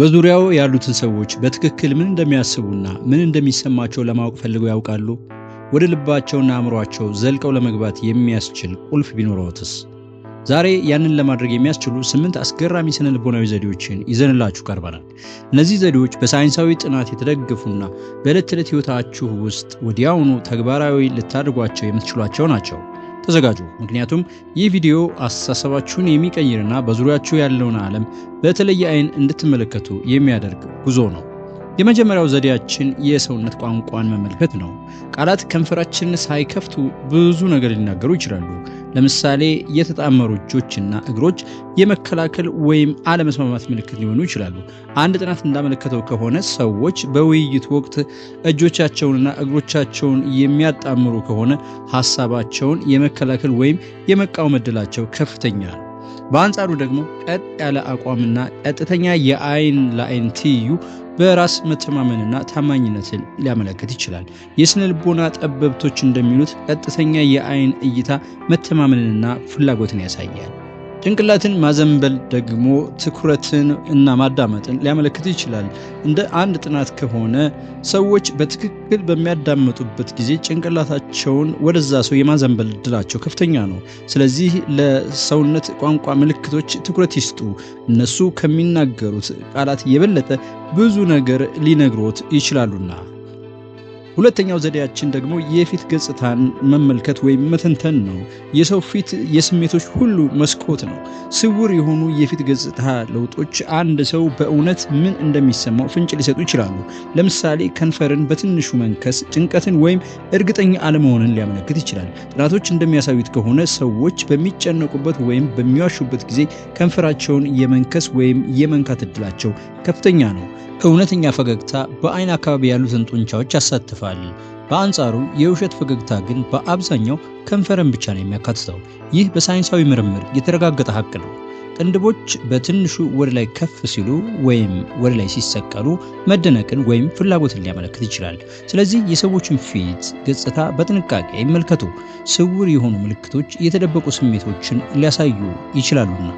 በዙሪያው ያሉትን ሰዎች በትክክል ምን እንደሚያስቡና ምን እንደሚሰማቸው ለማወቅ ፈልገው ያውቃሉ? ወደ ልባቸውና አእምሯቸው ዘልቀው ለመግባት የሚያስችል ቁልፍ ቢኖረውትስ? ዛሬ ያንን ለማድረግ የሚያስችሉ ስምንት አስገራሚ ስነ ልቦናዊ ዘዴዎችን ይዘንላችሁ ቀርበናል። እነዚህ ዘዴዎች በሳይንሳዊ ጥናት የተደገፉና በዕለት ተዕለት ሕይወታችሁ ውስጥ ወዲያውኑ ተግባራዊ ልታደርጓቸው የምትችሏቸው ናቸው። ተዘጋጁ። ምክንያቱም ይህ ቪዲዮ አስተሳሰባችሁን የሚቀይርና በዙሪያችሁ ያለውን ዓለም በተለየ አይን እንድትመለከቱ የሚያደርግ ጉዞ ነው። የመጀመሪያው ዘዴያችን የሰውነት ቋንቋን መመልከት ነው። ቃላት ከንፈራችንን ሳይከፍቱ ብዙ ነገር ሊናገሩ ይችላሉ። ለምሳሌ የተጣመሩ እጆችና እግሮች የመከላከል ወይም አለመስማማት ምልክት ሊሆኑ ይችላሉ። አንድ ጥናት እንዳመለከተው ከሆነ ሰዎች በውይይት ወቅት እጆቻቸውንና እግሮቻቸውን የሚያጣምሩ ከሆነ ሀሳባቸውን የመከላከል ወይም የመቃወም ዕድላቸው ከፍተኛ ነው። በአንጻሩ ደግሞ ቀጥ ያለ አቋምና ቀጥተኛ የአይን ለአይን ትይዩ በራስ መተማመንና ታማኝነትን ሊያመለክት ይችላል። የስነ ልቦና ጠበብቶች እንደሚሉት ቀጥተኛ የአይን እይታ መተማመንንና ፍላጎትን ያሳያል። ጭንቅላትን ማዘንበል ደግሞ ትኩረትን እና ማዳመጥን ሊያመለክት ይችላል። እንደ አንድ ጥናት ከሆነ ሰዎች በትክክል በሚያዳምጡበት ጊዜ ጭንቅላታቸውን ወደዛ ሰው የማዘንበል እድላቸው ከፍተኛ ነው። ስለዚህ ለሰውነት ቋንቋ ምልክቶች ትኩረት ይስጡ። እነሱ ከሚናገሩት ቃላት የበለጠ ብዙ ነገር ሊነግሮት ይችላሉና። ሁለተኛው ዘዴያችን ደግሞ የፊት ገጽታን መመልከት ወይም መተንተን ነው። የሰው ፊት የስሜቶች ሁሉ መስኮት ነው። ስውር የሆኑ የፊት ገጽታ ለውጦች አንድ ሰው በእውነት ምን እንደሚሰማው ፍንጭ ሊሰጡ ይችላሉ። ለምሳሌ ከንፈርን በትንሹ መንከስ ጭንቀትን ወይም እርግጠኛ አለመሆንን ሊያመለክት ይችላል። ጥናቶች እንደሚያሳዩት ከሆነ ሰዎች በሚጨነቁበት ወይም በሚዋሹበት ጊዜ ከንፈራቸውን የመንከስ ወይም የመንካት እድላቸው ከፍተኛ ነው። እውነተኛ ፈገግታ በአይን አካባቢ ያሉትን ጡንቻዎች ያሳትፋል። ይደግፋል። በአንጻሩ የውሸት ፈገግታ ግን በአብዛኛው ከንፈርን ብቻ ነው የሚያካትተው። ይህ በሳይንሳዊ ምርምር የተረጋገጠ ሀቅ ነው። ቅንድቦች በትንሹ ወደ ላይ ከፍ ሲሉ ወይም ወደ ላይ ሲሰቀሉ መደነቅን ወይም ፍላጎትን ሊያመለክት ይችላል። ስለዚህ የሰዎችን ፊት ገጽታ በጥንቃቄ ይመልከቱ። ስውር የሆኑ ምልክቶች የተደበቁ ስሜቶችን ሊያሳዩ ይችላሉና።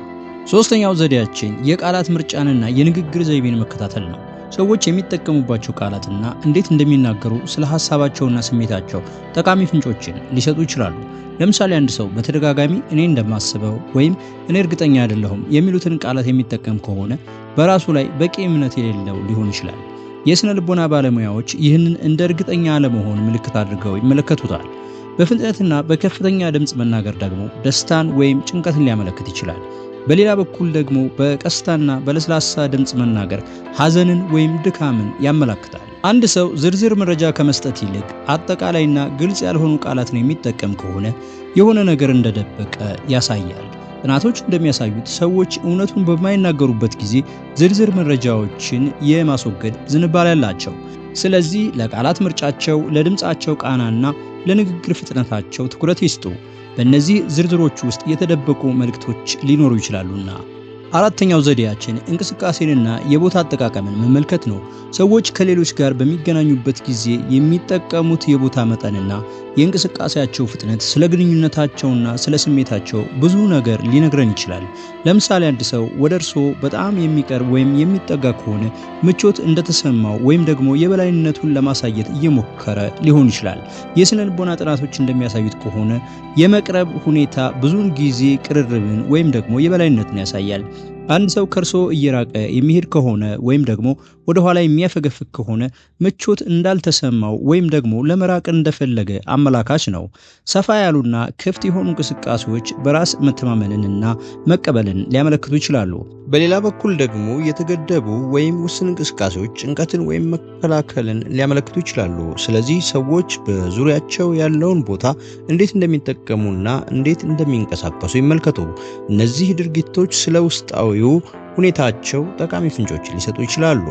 ሶስተኛው ዘዴያችን የቃላት ምርጫንና የንግግር ዘይቤን መከታተል ነው። ሰዎች የሚጠቀሙባቸው ቃላትና እንዴት እንደሚናገሩ ስለ ሐሳባቸውና ስሜታቸው ጠቃሚ ፍንጮችን ሊሰጡ ይችላሉ። ለምሳሌ አንድ ሰው በተደጋጋሚ እኔ እንደማስበው ወይም እኔ እርግጠኛ አይደለሁም የሚሉትን ቃላት የሚጠቀም ከሆነ በራሱ ላይ በቂ እምነት የሌለው ሊሆን ይችላል። የሥነ ልቦና ባለሙያዎች ይህንን እንደ እርግጠኛ አለመሆን ምልክት አድርገው ይመለከቱታል። በፍጥነትና በከፍተኛ ድምፅ መናገር ደግሞ ደስታን ወይም ጭንቀትን ሊያመለክት ይችላል። በሌላ በኩል ደግሞ በቀስታና በለስላሳ ድምፅ መናገር ሐዘንን ወይም ድካምን ያመላክታል። አንድ ሰው ዝርዝር መረጃ ከመስጠት ይልቅ አጠቃላይና ግልጽ ያልሆኑ ቃላትን የሚጠቀም ከሆነ የሆነ ነገር እንደደበቀ ያሳያል። ጥናቶች እንደሚያሳዩት ሰዎች እውነቱን በማይናገሩበት ጊዜ ዝርዝር መረጃዎችን የማስወገድ ዝንባሌ ያላቸው። ስለዚህ ለቃላት ምርጫቸው፣ ለድምፃቸው ቃናና ለንግግር ፍጥነታቸው ትኩረት ይስጡ። በእነዚህ ዝርዝሮች ውስጥ የተደበቁ መልእክቶች ሊኖሩ ይችላሉና አራተኛው ዘዴያችን እንቅስቃሴንና የቦታ አጠቃቀምን መመልከት ነው። ሰዎች ከሌሎች ጋር በሚገናኙበት ጊዜ የሚጠቀሙት የቦታ መጠንና የእንቅስቃሴያቸው ፍጥነት ስለ ግንኙነታቸውና ስለ ስሜታቸው ብዙ ነገር ሊነግረን ይችላል። ለምሳሌ አንድ ሰው ወደ እርስዎ በጣም የሚቀርብ ወይም የሚጠጋ ከሆነ ምቾት እንደተሰማው ወይም ደግሞ የበላይነቱን ለማሳየት እየሞከረ ሊሆን ይችላል። የስነ ልቦና ጥናቶች እንደሚያሳዩት ከሆነ የመቅረብ ሁኔታ ብዙውን ጊዜ ቅርርብን ወይም ደግሞ የበላይነትን ያሳያል። አንድ ሰው ከእርሶ እየራቀ የሚሄድ ከሆነ ወይም ደግሞ ወደ ኋላ የሚያፈገፍግ ከሆነ ምቾት እንዳልተሰማው ወይም ደግሞ ለመራቅ እንደፈለገ አመላካች ነው። ሰፋ ያሉና ክፍት የሆኑ እንቅስቃሴዎች በራስ መተማመንንና መቀበልን ሊያመለክቱ ይችላሉ። በሌላ በኩል ደግሞ የተገደቡ ወይም ውስን እንቅስቃሴዎች ጭንቀትን ወይም መከላከልን ሊያመለክቱ ይችላሉ። ስለዚህ ሰዎች በዙሪያቸው ያለውን ቦታ እንዴት እንደሚጠቀሙና እንዴት እንደሚንቀሳቀሱ ይመልከቱ። እነዚህ ድርጊቶች ስለ ውስጣዊ ለተጠቃሚው ሁኔታቸው ጠቃሚ ፍንጮች ሊሰጡ ይችላሉ።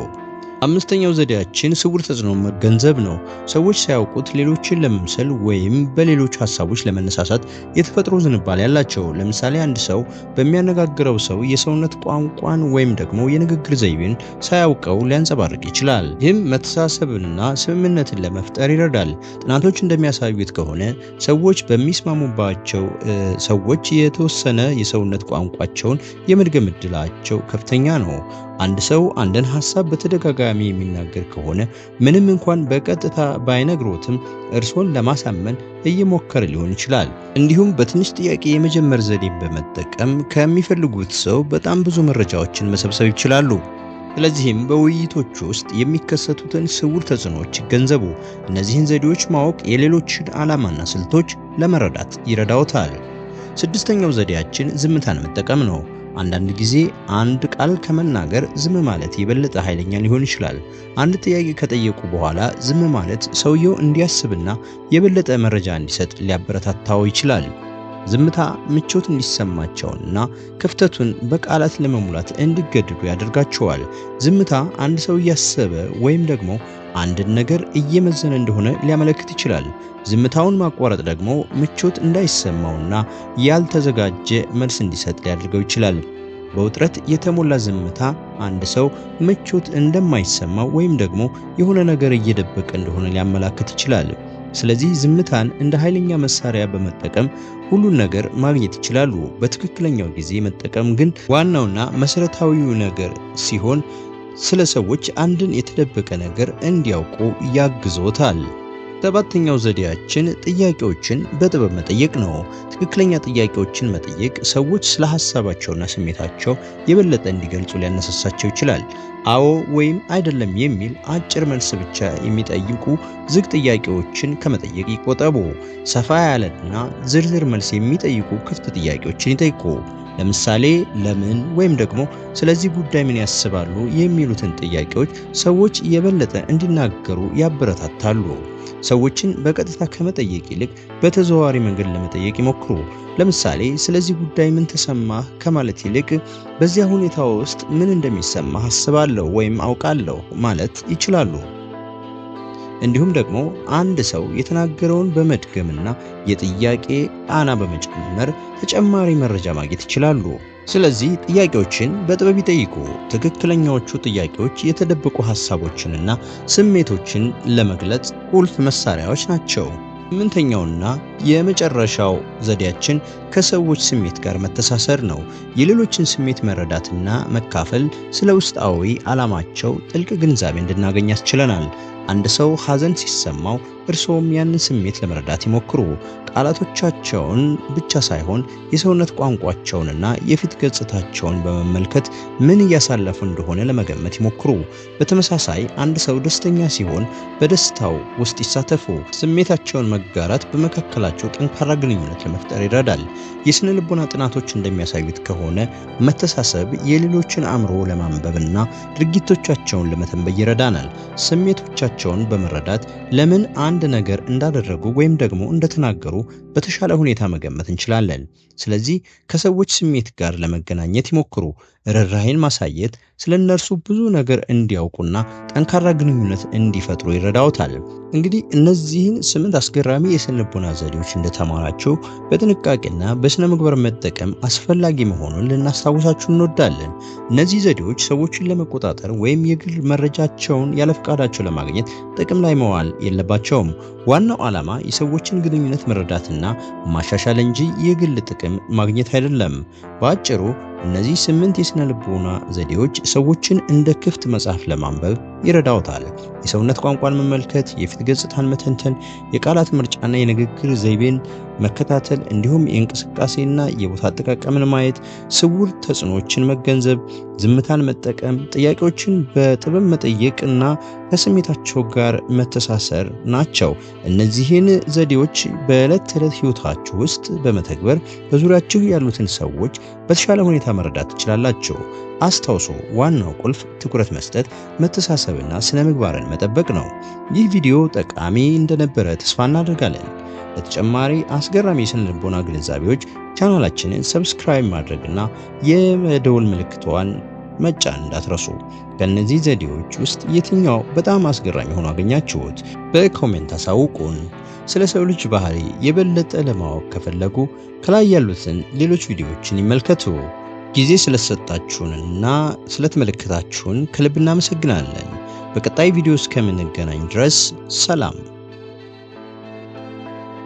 አምስተኛው ዘዴያችን ስውር ተጽዕኖ መገንዘብ ነው። ሰዎች ሳያውቁት ሌሎችን ለመምሰል ወይም በሌሎች ሀሳቦች ለመነሳሳት የተፈጥሮ ዝንባሌ ያላቸው። ለምሳሌ አንድ ሰው በሚያነጋግረው ሰው የሰውነት ቋንቋን ወይም ደግሞ የንግግር ዘይቤን ሳያውቀው ሊያንጸባርቅ ይችላል። ይህም መተሳሰብንና ስምምነትን ለመፍጠር ይረዳል። ጥናቶች እንደሚያሳዩት ከሆነ ሰዎች በሚስማሙባቸው ሰዎች የተወሰነ የሰውነት ቋንቋቸውን የመድገም ዕድላቸው ከፍተኛ ነው። አንድ ሰው አንድን ሐሳብ በተደጋጋሚ የሚናገር ከሆነ ምንም እንኳን በቀጥታ ባይነግሮትም እርሶን ለማሳመን እየሞከረ ሊሆን ይችላል። እንዲሁም በትንሽ ጥያቄ የመጀመር ዘዴን በመጠቀም ከሚፈልጉት ሰው በጣም ብዙ መረጃዎችን መሰብሰብ ይችላሉ። ስለዚህም በውይይቶች ውስጥ የሚከሰቱትን ስውር ተጽዕኖዎች ይገንዘቡ። እነዚህን ዘዴዎች ማወቅ የሌሎችን ዓላማና ስልቶች ለመረዳት ይረዳዎታል። ስድስተኛው ዘዴያችን ዝምታን መጠቀም ነው። አንዳንድ ጊዜ አንድ ቃል ከመናገር ዝም ማለት የበለጠ ኃይለኛ ሊሆን ይችላል። አንድ ጥያቄ ከጠየቁ በኋላ ዝም ማለት ሰውየው እንዲያስብና የበለጠ መረጃ እንዲሰጥ ሊያበረታታው ይችላል። ዝምታ ምቾት እንዲሰማቸውና ክፍተቱን በቃላት ለመሙላት እንዲገድዱ ያደርጋቸዋል። ዝምታ አንድ ሰው እያሰበ ወይም ደግሞ አንድን ነገር እየመዘነ እንደሆነ ሊያመለክት ይችላል። ዝምታውን ማቋረጥ ደግሞ ምቾት እንዳይሰማውና ያልተዘጋጀ መልስ እንዲሰጥ ሊያደርገው ይችላል። በውጥረት የተሞላ ዝምታ አንድ ሰው ምቾት እንደማይሰማው ወይም ደግሞ የሆነ ነገር እየደበቀ እንደሆነ ሊያመላክት ይችላል። ስለዚህ ዝምታን እንደ ኃይለኛ መሳሪያ በመጠቀም ሁሉን ነገር ማግኘት ይችላሉ። በትክክለኛው ጊዜ መጠቀም ግን ዋናውና መሰረታዊው ነገር ሲሆን ስለ ሰዎች አንድን የተደበቀ ነገር እንዲያውቁ ያግዞታል። ሰባተኛው ዘዴያችን ጥያቄዎችን በጥበብ መጠየቅ ነው። ትክክለኛ ጥያቄዎችን መጠየቅ ሰዎች ስለ ሀሳባቸውና ስሜታቸው የበለጠ እንዲገልጹ ሊያነሳሳቸው ይችላል። አዎ ወይም አይደለም የሚል አጭር መልስ ብቻ የሚጠይቁ ዝግ ጥያቄዎችን ከመጠየቅ ይቆጠቡ። ሰፋ ያለና ዝርዝር መልስ የሚጠይቁ ክፍት ጥያቄዎችን ይጠይቁ። ለምሳሌ ለምን ወይም ደግሞ ስለዚህ ጉዳይ ምን ያስባሉ የሚሉትን ጥያቄዎች ሰዎች የበለጠ እንዲናገሩ ያበረታታሉ። ሰዎችን በቀጥታ ከመጠየቅ ይልቅ በተዘዋዋሪ መንገድ ለመጠየቅ ይሞክሩ። ለምሳሌ ስለዚህ ጉዳይ ምን ተሰማህ ከማለት ይልቅ በዚያ ሁኔታ ውስጥ ምን እንደሚሰማህ አስባለሁ ወይም አውቃለሁ ማለት ይችላሉ። እንዲሁም ደግሞ አንድ ሰው የተናገረውን በመድገምና የጥያቄ አና በመጨመር ተጨማሪ መረጃ ማግኘት ይችላሉ። ስለዚህ ጥያቄዎችን በጥበብ ይጠይቁ። ትክክለኛዎቹ ጥያቄዎች የተደበቁ ሐሳቦችንና ስሜቶችን ለመግለጽ ቁልፍ መሳሪያዎች ናቸው። ስምንተኛውና የመጨረሻው ዘዴያችን ከሰዎች ስሜት ጋር መተሳሰር ነው። የሌሎችን ስሜት መረዳትና መካፈል ስለ ውስጣዊ ዓላማቸው ጥልቅ ግንዛቤ እንድናገኝ ያስችለናል። አንድ ሰው ሐዘን ሲሰማው እርስዎም ያንን ስሜት ለመረዳት ይሞክሩ። ቃላቶቻቸውን ብቻ ሳይሆን የሰውነት ቋንቋቸውንና የፊት ገጽታቸውን በመመልከት ምን እያሳለፉ እንደሆነ ለመገመት ይሞክሩ። በተመሳሳይ አንድ ሰው ደስተኛ ሲሆን በደስታው ውስጥ ይሳተፉ። ስሜታቸውን መጋራት በመካከላቸው ጠንካራ ግንኙነት ለመፍጠር ይረዳል። የስነ ልቦና ጥናቶች እንደሚያሳዩት ከሆነ መተሳሰብ የሌሎችን አእምሮ ለማንበብና ድርጊቶቻቸውን ለመተንበይ ይረዳናል። ስሜቶቻ መሆናቸውን በመረዳት ለምን አንድ ነገር እንዳደረጉ ወይም ደግሞ እንደተናገሩ በተሻለ ሁኔታ መገመት እንችላለን። ስለዚህ ከሰዎች ስሜት ጋር ለመገናኘት ይሞክሩ። ርኅራኄን ማሳየት ስለ እነርሱ ብዙ ነገር እንዲያውቁና ጠንካራ ግንኙነት እንዲፈጥሩ ይረዳውታል። እንግዲህ እነዚህን ስምንት አስገራሚ የስነ ልቦና ዘዴዎች እንደተማራችሁ በጥንቃቄና በስነ ምግባር መጠቀም አስፈላጊ መሆኑን ልናስታውሳችሁ እንወዳለን። እነዚህ ዘዴዎች ሰዎችን ለመቆጣጠር ወይም የግል መረጃቸውን ያለ ለማግኘት ጥቅም ላይ መዋል የለባቸውም። ዋናው ዓላማ የሰዎችን ግንኙነት መረዳትና ማሻሻል እንጂ የግል ጥቅም ማግኘት አይደለም። በአጭሩ እነዚህ ስምንት የሥነ ልቦና ዘዴዎች ሰዎችን እንደ ክፍት መጽሐፍ ለማንበብ ይረዳውታል። የሰውነት ቋንቋን መመልከት፣ የፊት ገጽታን መተንተን፣ የቃላት ምርጫና የንግግር ዘይቤን መከታተል እንዲሁም የእንቅስቃሴና የቦታ አጠቃቀምን ማየት፣ ስውር ተጽዕኖችን መገንዘብ፣ ዝምታን መጠቀም፣ ጥያቄዎችን በጥበብ መጠየቅና ከስሜታቸው ጋር መተሳሰር ናቸው። እነዚህን ዘዴዎች በዕለት ተዕለት ሕይወታችሁ ውስጥ በመተግበር በዙሪያችሁ ያሉትን ሰዎች በተሻለ ሁኔታ መረዳት ትችላላችሁ። አስታውሶ ዋናው ቁልፍ ትኩረት መስጠት፣ መተሳሰብና ስነ ምግባርን መጠበቅ ነው። ይህ ቪዲዮ ጠቃሚ እንደነበረ ተስፋ እናደርጋለን። ለተጨማሪ አስገራሚ ልቦና ግንዛቤዎች ቻናላችንን ሰብስክራይብ ማድረግና የደውል ምልክቷን መጫን እንዳትረሱ። ከእነዚህ ዘዴዎች ውስጥ የትኛው በጣም አስገራሚ ሆኖ አገኛችሁት? በኮሜንት አሳውቁን። ስለ ሰው ልጅ ባህሪ የበለጠ ለማወቅ ከፈለጉ ከላይ ያሉትን ሌሎች ቪዲዮዎችን ይመልከቱ። ጊዜ ስለተሰጣችሁንና ስለተመለከታችሁን ከልብ እናመሰግናለን። በቀጣይ ቪዲዮ እስከምንገናኝ ድረስ ሰላም።